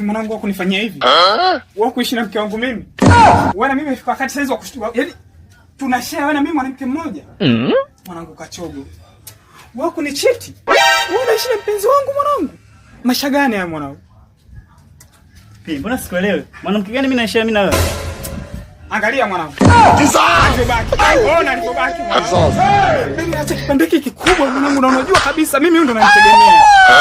Mwanangu, wako nifanyia hivi? Wakuishi na mke wangu mimi? Wana mimi, imefika wakati saizi wa kushtuka. Yaani tunashare wewe na mimi mwanamke mmoja. Mm. Mwanangu kachogo. Wewe cheti Wewe unaishi na mpenzi wangu mwanangu? Masha gani haya mwanangu? Pia eh, mbona sikuelewi? Mwanamke gani mimi naishi na mimi na wewe? Angalia mwanangu. Ah! Kisa. Ona nilipobaki mwanangu. Mimi nacho kipande kikubwa mwanangu na unajua kabisa mimi ndo namtegemea. Ah!